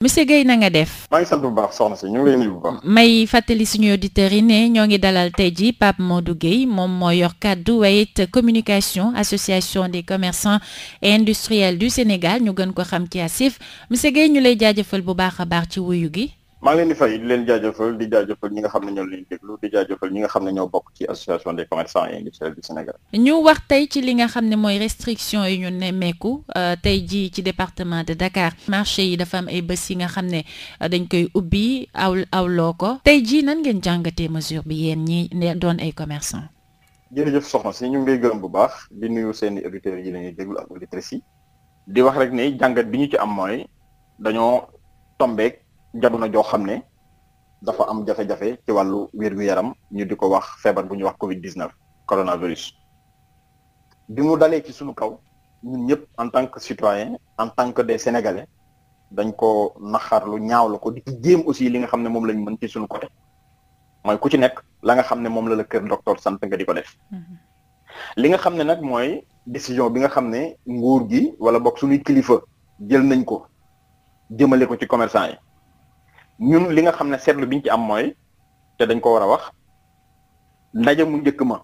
monsieur Guèye na nga def. may fàttali suñu auditeurs yi ne ñoo ngi dalal tey jii Pape Modou Guèye moom moo yor kàddu waaye it communication association des commerçants et industriels du Sénégal ñu gën ko xam ci ASIF monsieur ñu lay jaajëfal bu baax a baax ci wuyu gi. maa ngi leen di fay di leen jaajëfal di jaajëfal ñi nga xam ne ñoo leen déglu di jaajëfal ñi nga xam ne ñoo bokk ci association des commerçants et industriels du ñu wax tey ci li nga xam ne mooy restriction yi ñu nemmeeku euh, tey jii ci département de Dakar marché yi dafa am ay bés yi nga xam ne euh, dañ koy ubbi aw awloo ko tey jii nan ngeen jàngatee mesure bi yéen ñi ne doon ay commerçants. jërëjëf soxna si ñu ngi lay gërëm bu baax di nuyu seen auditeurs yi la ñuy déglu ak auditrices yi di wax rek ne jàngat bi ci am mooy dañoo tombeek jamono joo xam ne dafa am jafe-jafe ci wàllu wér-gu-yaram ñu di ko wax feebar bu ñuy wax Covid 19 coronavirus bi mu dalee ci suñu kaw ñun ñëpp en tant que citoyen en tant que des sénégalais dañ ko lu ñaaw la ko di jéem aussi li nga xam ne moom lañ mën ci suñu côté mooy ku ci nekk la nga xam ne moom la la kër docteur sant nga di ko def. Mm-hmm. li nga xam ne nag mooy décision bi nga xam ne nguur gi wala boog suñuy kilifa jël nañ ko jëmale ko ci commerçant ñun li nga xam ne seetlu ñu ci am mooy te dañ ko war a wax ndaje mu njëkk ma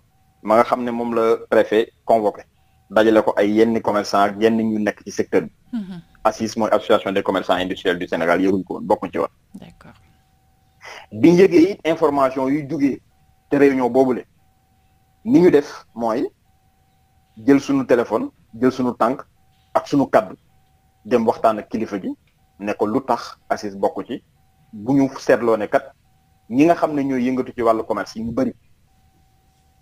ma nga xam ne moom la préfet convoqué dajale ko ay yenn commerçant ak yenn ñu nekk ci secteur bi. Mhm. ACIS mooy association des commerçants industriels du Sénégal yëguñ ko woon bokkuñ ci woon. d'accord biñ information yu jugee te réunion le ni ñu def mooy jël sunu téléphone jël sunu tànk ak sunu kaddu dem waxtaan ak kilifa bi ne ko lu tax ACIS bokku ci. bu ñu seetloo ne kat ñi nga xam ne ñooy yëngatu ci wàllu commerce yi ñu bëri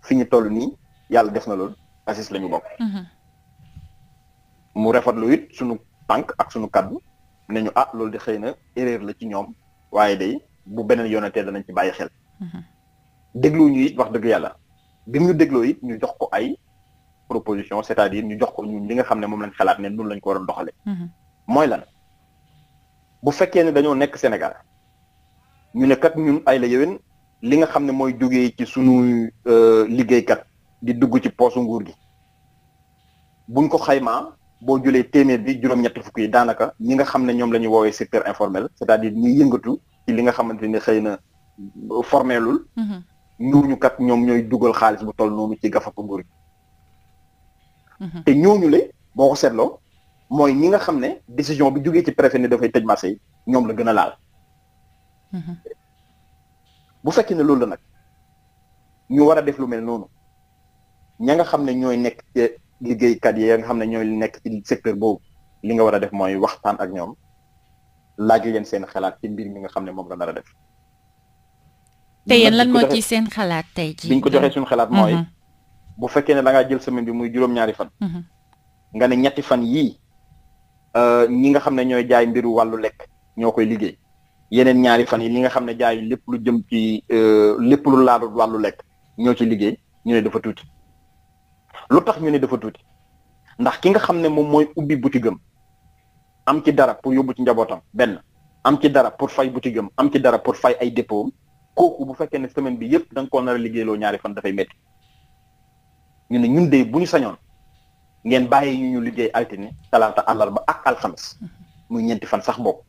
fi ñu toll nii yàlla def na lool ACIS la ñu bokk. Mhm. mu rafetlu it sunu tànk ak suñu kaddu ne ñu ah loolu de xëy na erreur la ci ñoom waaye day bu beneen yoonatee danañ ci bàyyi xel. Mhm. déglu ñu wax dëgg yàlla bi ñu dégloo it ñu jox ko ay proposition c'est-à-dire ñu jox ko ñun li nga xam ne moom lañ xalaat ne noonu lañ ko war a doxalee. Mhm. mooy lan bu fekkee ne dañoo nekk Sénégal. ñu ne kat ñun ay la yéwén li nga xam ne mooy jógee ci sunu euh, liggéeykat di dugg ci poosu nguur gi buñ ko xaymaa boo jëlee téeméer bi juróom-ñetti fukk yi daanaka ñi nga xam ne ñoom la ñuy woowee secteur informel c'est-à-dire ñiy yëngatu ci li nga xamante ne xëy na euh, formelul mhm. ñooñu kat ñoom ñooy dugal xaalis bu toll noonu ci gafa ko nguur gi mhm. te boo ko seetloo mooy ñi nga xam ne décision bi jógee ci préfet ne dafay tëj marché yi ñoom la gën a laal bu fekkee ne loolu la nag ñu war a def lu mel noonu ña nga xam ne ñooy nekk ci liggéeykat yee nga xam ne ñooy nekk ci secteur boobu li nga war a def mooy waxtaan ak ñoom laaj leen seen xalaat ci mbir mi nga xam ne moom la nar a def. te yéen lan moo ci seen xalaat tey jii. biñ ko joxee suñu xalaat mm-hmm. mooy. bu fekkee ne da ngaa jël semaine bi muy juróom-ñaari fan. Mm-hmm. nga ne ñetti fan yii euh, ñi nga xam ne ñooy jaay mbiru wàllu lekk ñoo koy liggéey. yeneen ñaari fan yi li nga xam ne gars lépp lu jëm ci euh, lépp lu laalu wàllu lekk ñoo ci liggéey ñu ne dafa tuuti lu tax ñu ne dafa tuuti ndax ki nga xam ne moom mooy ubbi buti am am ci dara pour yóbbu ci njabootam benn am ci dara pour fay buti am am ci dara pour fay ay dépôt kooku bu fekkee ne semaine bi yëpp da nga koo nar a ñaari fan dafay métti ñu ne ñun de bu ñu sañoon ngeen bàyyi ñu ñu liggéey altine talaata àllarba ak alxames mm-hmm. muy ñeenti fan sax boobu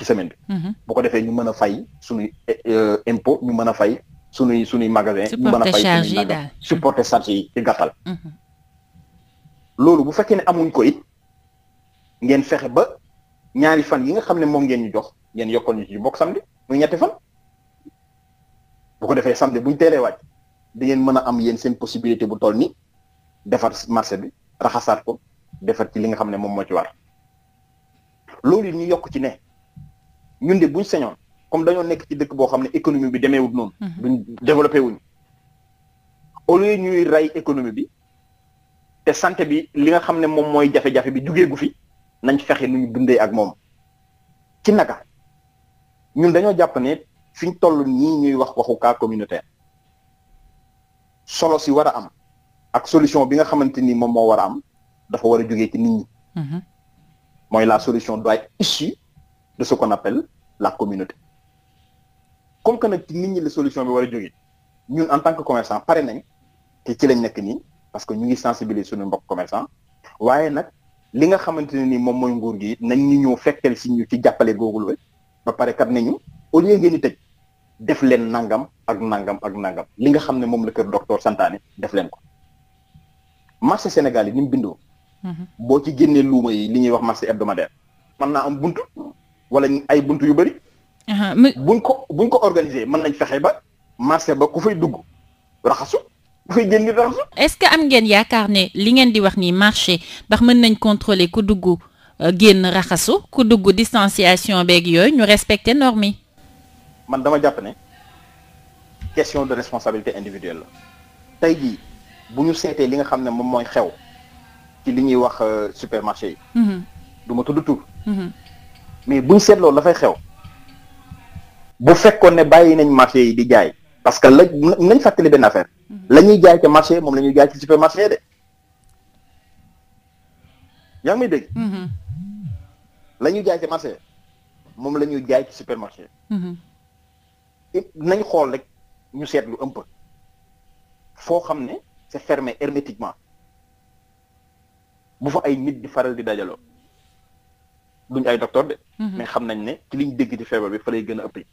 ci semaine bi. Mhm. bu ko defee ñu mën a fay suñuy eh, eh, impôt ñu mën a fay suñuy suñuy magasin. ñu mën a fay suñuy magasin supporter charge yi ci gàttal. Mhm. loolu bu fekkee ne amuñ ko it ngeen fexe ba ñaari fan yi nga xam ne moom ngeen ñu jox ngeen yokkoon ñu ci bokk samedi muy ñetti fan. bu ko defee samedi buñ teelee wàcc da ngeen mën a am yéen seen possibilité bu toll nii defar marché bi raxasaat ko defar ci li nga xam ne moom moo ci war loolu ñu yokk ci ne ñun de buñ señoon comme dañoo nekk ci dëkk boo xam ne économie bi demeewut noonu. Mhm. duñ développé wuñ au lieu ñuy rey économie bi te santé bi li nga xam ne moom mooy jafe-jafe bi jugee gu fi nañ fexe nu ñu dundee ak moom ci naka ñun dañoo jàpp ne fiñ toll nii ñuy wax waxu cas communautaire solo si war a am ak solution bi nga xamante ni moom moo war a am dafa war a jugee ci nit ñi. Mhm. mooy la solution doit issue de ce qu'on appelle la communauté comme que nag ci nit ñi la solution bi war a jógee ñun en tant que commerçant pare nañ te ci lañ nekk nii parce que ñu ngi sensibiliser suñu mbokk commerçant waaye nag li nga xamante ne ni moom mooy nguur gi nañ ñu ñëw fekkal si ñu ci jàppale googu ba pare kat nañu au lieu ngeen di tëj def leen nangam ak nangam ak nangam li nga xam ne moom la kër docteur santaane def leen ko marché Sénégal yi ni bindoo. Mhm. boo ci génnee wax marché hebdomadaire. mën wala ay buntu yu bëri. buñ ko buñ ko organiser mën nañ fexe ba marché ba ku fay dugg raxasu ku fay génn raxasu. est-ce que am ngeen yaakaar ne li ngeen di wax nii marché ndax mën nañ contrôler ku dugg euh, génn raxasu ku dugg distanciation beeg yooyu ñu respecter normes yi. man dama jàpp ne question de responsabilité individuelle la tey jii bu ñu seetee li nga xam ne moom mooy xew ci li ñuy wax euh, supermarché yi. Mhm. du ma tudd mais buñ seetloo la fay xew bu fekkoon ne bàyyi nañ marché yi di jaay parce que la nañ fàttali benn affaire mm-hmm. la ñuy jaay ca marché moom la ñuy jaay ci yaa ngi may dégg. Mm-hmm. la ñuy ca moom la ñuy jaay ci supermarché. Mm-hmm. nañ xool rek ñu seetlu un foo xam ne c'est fermé hermétiquement bu fa ay nit di faral di dajaloo. duñ ay docteur de. Mhm. mais xam nañ ne ci liñ dégg ci feebar bi fa lay gën a ëppee.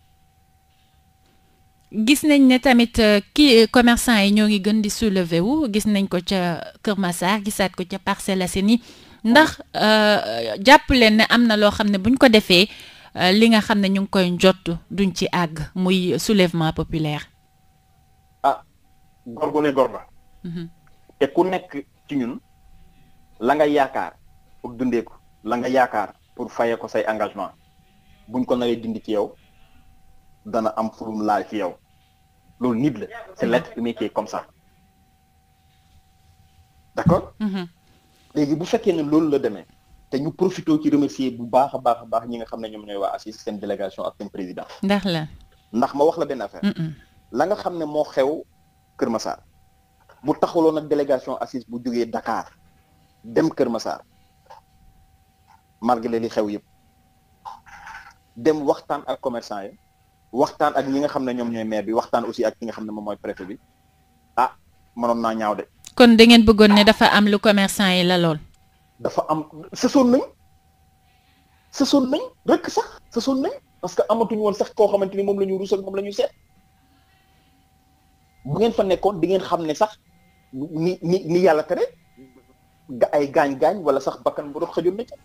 gis nañ ne tamit euh, kii euh, commerçant yi ñoo ngi gën di soulever wu gis nañ ko ca Kër Massar gisaat ko ca Parcelles Assainies ndax euh, jàpp leen ne am na loo xam ne buñ ko defee li nga xam ne ñu ngi koy njott duñ ci àgg muy soulèvement populaire. ah góor gu ne góor la. Mhm. te ku nekk ci ñun la nga yaakaar pour dundee ko la nga yaakaar pour fayee ko say engagement buñ ko naree dindi ci yow dana am fulum laal ci yow loolu nit la c'est l'être humain qui comme sax d'accord mm-hmm. léegi bu fekkee ne loolu la demee te ñu profité ci remercier bu baax a baax baax ñi nga xam ne ñoom ñooy waa ACIS seen délégation ak seen président ndax la ndax ma wax la benn affaire la nga xam ne moo xew Kër Massar bu taxuloon ak délégation ACIS bu jógee Dakar dem Kër Massar malgré li xew yëpp dem waxtaan ak commerçant yi waxtaan ak ñi nga xam ne ñoom ñooy maire bi waxtaan aussi ak ki nga xam ne moom mooy préfet bi ah mënoon naa ñaaw de. kon da ngeen bëggoon ne dafa am lu commerçant yi la lool. dafa am sësoon nañ sësoon nañ rek sax sësoon nañ parce que amatuñu woon sax koo xamante ni moom la ñu ruusal moom la ñu seet bu ngeen fa nekkoon di ngeen xam ne sax ni ni yàlla tere ga ay gaañ-gaañ wala sax bakkan bu doon xëjoon na ca.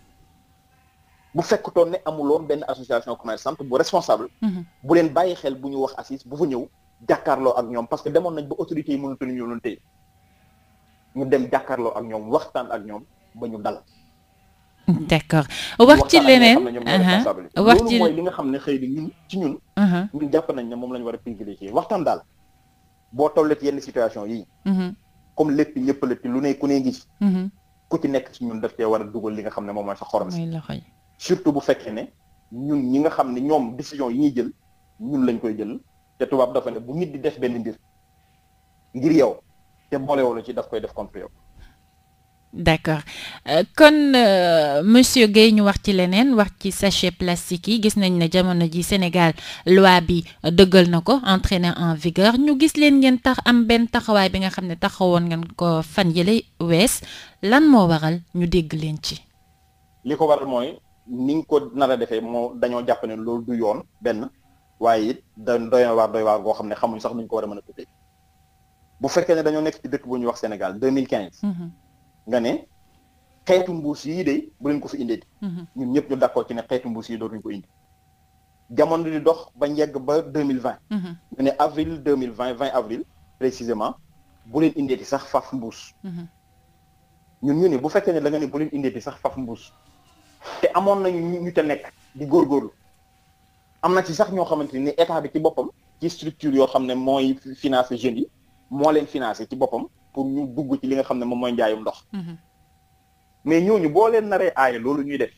bu fekk fekkutoon ne amuloon benn association commerçante bu responsable mhm. bu leen bàyyi xel bu ñu wax assise bu fa ñëw jàkkaarloo ak ñoom parce que demoon nañ ba autorités yi mënatuñu ñu loon tey ñu dem jàkkaarloo ak ñoom waxtaan ak ñoom ba ñu dal d'accord wax ci leneen uh-huh. wax ci mooy li nga xam ne xëy na ñun ci ñun uh-huh. ñun jàpp nañ ne moom la ñu war a privilégié waxtaan daal boo tollee ci yenn situation yi uh-huh. comme lépp ñëpp la lu ne ku ne ngi ku ci nekk ci ñun daf cee war dugal li nga xam ne moom a sa xorom surtout bu fekkee ne ñun ñi nga xam ne ñoom décision yi ñuy jël ñun lañ koy jël te tubaab dafa ne bu nit di def benn mbir ngir yow te boolewoo la ci daf koy def contre yow. d'accord euh, kon euh, monsieur Guèye ñu wax ci leneen wax ci sachet plastique yi gis nañ ne jamono ji Sénégal loi bi dëggal na ko entré na en vigueur ñu gis leen ngeen tax am benn taxawaay bi nga xam ne taxawoon ngeen ko fan yële wees lan moo waral ñu dégg leen ci. li ko waral mooy ni ñu ko nar defee moo dañoo jàpp ne loolu du yoon benn waaye da doy na waar doy waar goo xam ne xamuñ sax nuñ ko war a mën a tuddee bu fekkee ne dañoo nekk ci dëkk bu ñuy wax Sénégal 2015. Mm-hmm. nga ne xeetu mbuus yii de bu leen ko fi indee. Mm-hmm. ñun ñëpp ñu d'accord ci ne xeetu mbuus yi dootuñ ko indi. jamono di dox ba njëgg ba 2020. Mm-hmm. nga ne avril 2020 20 avril précisément bu leen indee sax faf mbuus. ñun ñu ne bu fekkee da nga ne bu leen te amoon nañu ñu te nekk di góorgóorlu am na ci sax ñoo xamante ni état bi ci boppam ci structure yoo xam ne mooy financé jeunes yi moo leen financé ci boppam pour ñu dugg ci li nga xam ne moom mooy njaayum ndox. Mm-hmm. mais ñu boo leen naree aaye loolu ñuy def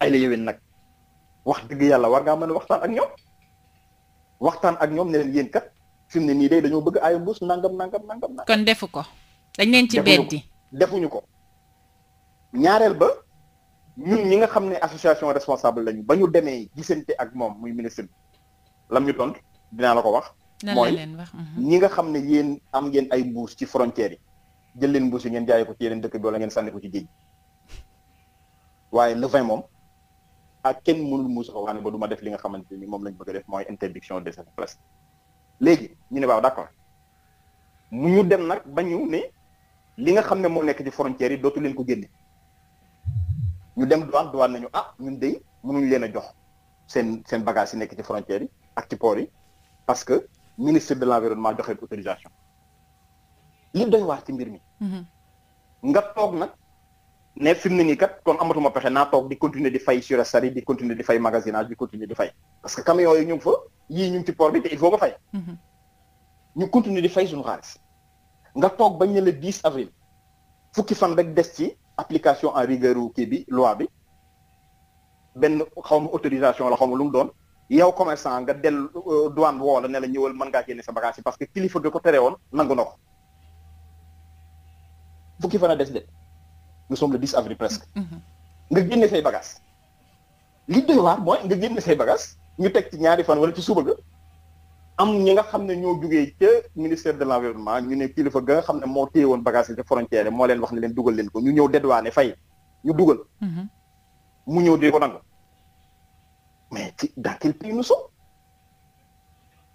ay la yowin nag wax dëgg yàlla war ngaa mën a waxtaan ak ñoom waxtaan ak ñoom ne leen yéen kat fi mu ne nii day dañoo bëgg aayu mbuus nangam nangam nangam. kon defu ko dañ leen ci beddi defuñu ko ñun ñi nga xam ne association responsable lañu ba ñu demee gisante ak moom muy ministre bi lam ñu tontu dinaa la ko wax. mooy mhm. ñi nga xam ne yéen am ngeen ay mbuus ci frontières yi jël leen mbuus yi ngeen jaayee ko ci yeneen dëkk bi wala ngeen sànni ko ci géej waaye le vin moom ak kenn mënul mbuus ko waane ba duma def li nga xamante ni moom lañ bëgg a def mooy interdiction de cette place léegi ñu ne waaw d'accord mu ñu dem nag ba ñu ne li nga xam ne moo nekk ci frontières yi dootu leen ko génne. ñu dem douane douane nañu ah ñun de mënuñ leen a jox seen seen bagage yi nekk ci frontières yi ak ci port yi parce que ministre de l'environnement joxe autorisation li doy waar ci mbir mi. Mhm. nga toog nag ne fi mu ne nii kat kon amatuma pexe naa toog di continuer di fay surestarie di continuer di fay magasinage di continuer di fay parce que camions yi ñu ngi fa yii ñu ngi ci port bi te il faut nga fay. Mhm. ñu continuer di fay suñu xaalis. nga toog bañ ne le avril fukki application en rigueur wu bi loi bi benn xaw ma autorisation la xaw ma lu mu doon yow commerçant nga dell euh, douane woo la ne la ñëwal mën ngaa génne sa bagage parce que kilifa ga ko tere woon nangu na ko fukki fan a des de nous sommes le 10 avril presque. Mm-hmm. Mm-hmm. nga génne say bagage li doy waar mooy nga génne say bagage ñu teg ci ñaari fan wala ci suba ga am ñi nga xam ne ñoo jugee ca ministère de l'environnement ñu ne kilifa ga nga xam ne moo téye woon bagage ca frontière moo leen wax ne leen dugal leen ko ñu ñëw dédouané fay ñu dugal. Mhm. mu ñëw di ko nangu. mais ci dans quel pays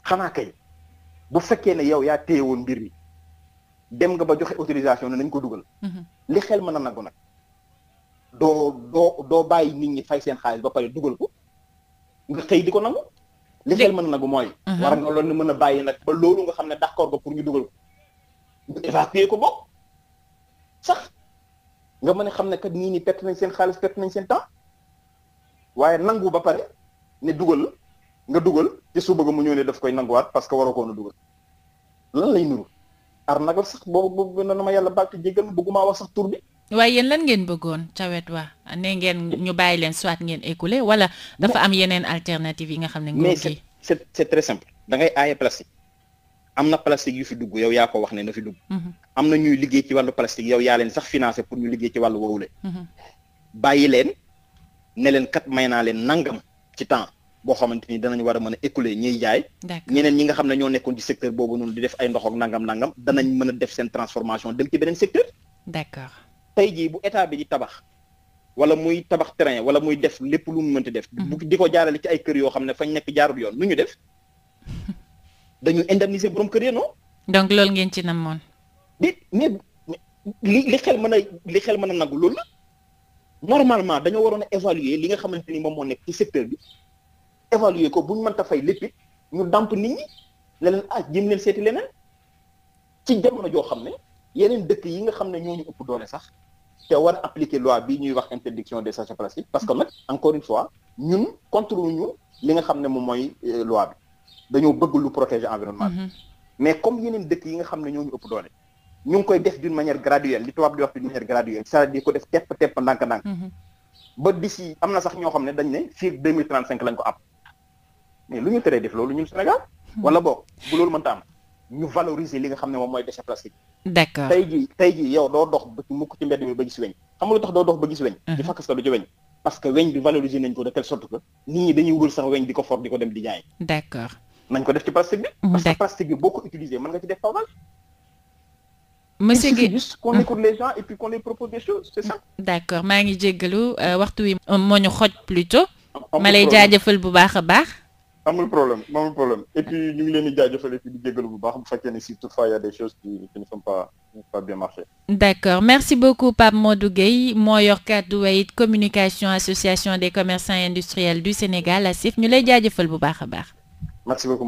xanaa kay bu fekkee ne yow yaa téye woon mbir mi dem nga ba joxe autorisation ne nañ ko dugal. Mhm. li xel ma na nangu nag. doo doo doo bàyyi nit ñi fay seen xaalis ba pare dugal ko nga xëy di ko nangu. li xel mën nagu mooy. Mhm. war nga loolu mën a bàyyi nag ba loolu nga xam ne d'accord ko pour ñu dugal ko. ñu ko bokk sax nga man a xam ne kat ñii nii perte nañ seen xaalis perte nañ seen temps waaye nangu ba pare ne dugal nga dugal te su bëgg mu ñëw ne daf koy nanguwaat parce que waroo ko woon a dugal. lan lay nuru arnaque sax boobu boobu na ma yàlla baal te jéggal bëgguma wax sax tur bi. waaye yéen lan ngeen bëggoon ca wet waa ne ngeen ñu bàyyi leen soit ngeen écoulé wala dafa am yeneen alternative yi nga xam ne. nguur gi mais da ngay aaye plastique am na yu fi dugg yow yaa ko wax ne na fi dugg. Mhm. am na ñuy liggéey ci wàllu plastique yow yaa leen sax financé pour ñu liggéey ci wàllu mhm. bàyyi leen ne leen kat may naa leen nangam ci temps boo xamante ni danañ war a mën a écouler jaay. ñeneen ñi nga xam ne ñoo nekkoon ci secteur boobu noonu di def ay ndox ak nangam nangam danañ mën a def seen transformation dem ci beneen secteur. d'accord tey jii bu état bi di tabax wala muy tabax terrain wala muy def lépp lu mu mënti def. Mhm. bu di ko jaarale ci ay kër yoo xam ne fañ nekk jaarul yoon nu ñu def dañu indemniser borom kër ya non. donc loolu ngeen ci namoon. di mais li li mën a li xel mën a nangu loolu la normalement dañoo waroon a évaluer li nga xamante ni moom moo nekk ci secteur bi évaluer ko bu ñu mënta fay lépp ñu damp nit ñi ne leen ah jéem leen seeti leneen ci jamono joo xam ne. yeneen dëkk yi nga xam ne ñooñu ëpp doole sax te war appliquer loi bi ñuy wax interdiction des sachets plastiques parce que nag encore une fois ñun contre li nga xam ne moom mooy euh, loi bi dañoo bëgg lu protéger environnement bi mm-hmm. mais comme yeneen dëkk yi nga xam ne ñooñu ëpp doole ñu ngi koy def d'une manière graduelle li tubaab di wax d'une manière graduelle cest à ko def tepp tepp ndànk-ndànk mm-hmm. ba d'ici am na sax ñoo xam ne dañ ne fii deux mille trente lañ ko mais lu ñu teree def loolu ñun Sénégal mm-hmm. wala boog bu loolu mënta am ñu valoriser li nga xam ne moom mooy déchet plastique d'accord tey jii tey jii yow doo dox mukk ci mbedd mi ba gis weñ xam nga lu tax doo dox ba gis weñ mhm. di fakkas ka du ci weñ parce que weñ bi valoriser nañ ko de sorte que nit ñi dañuy wër sax weñ di ko for di ko dem di jaay d'accord nañ ko def ci plastique bi mhm. parce que boo ko utiliser mën nga ci def pavage monsieur Guèye juste qu'on mhm. écoute les d'accord maa ngi jéggalu euh, waxtu wi moo ñu xoj plutôt ma lay jaajafal bu baax a baax amul problème amul problème et puis ñu ngi leen di jaajëfale fi di jégalu a bien marché. d'accord merci beaucoup Pape Modou Gueye moo yor kàddu wayit communication association des commerçants industriels du Sénégal ASIF ñu lay jaajëfal bu baax a baax. merci beaucoup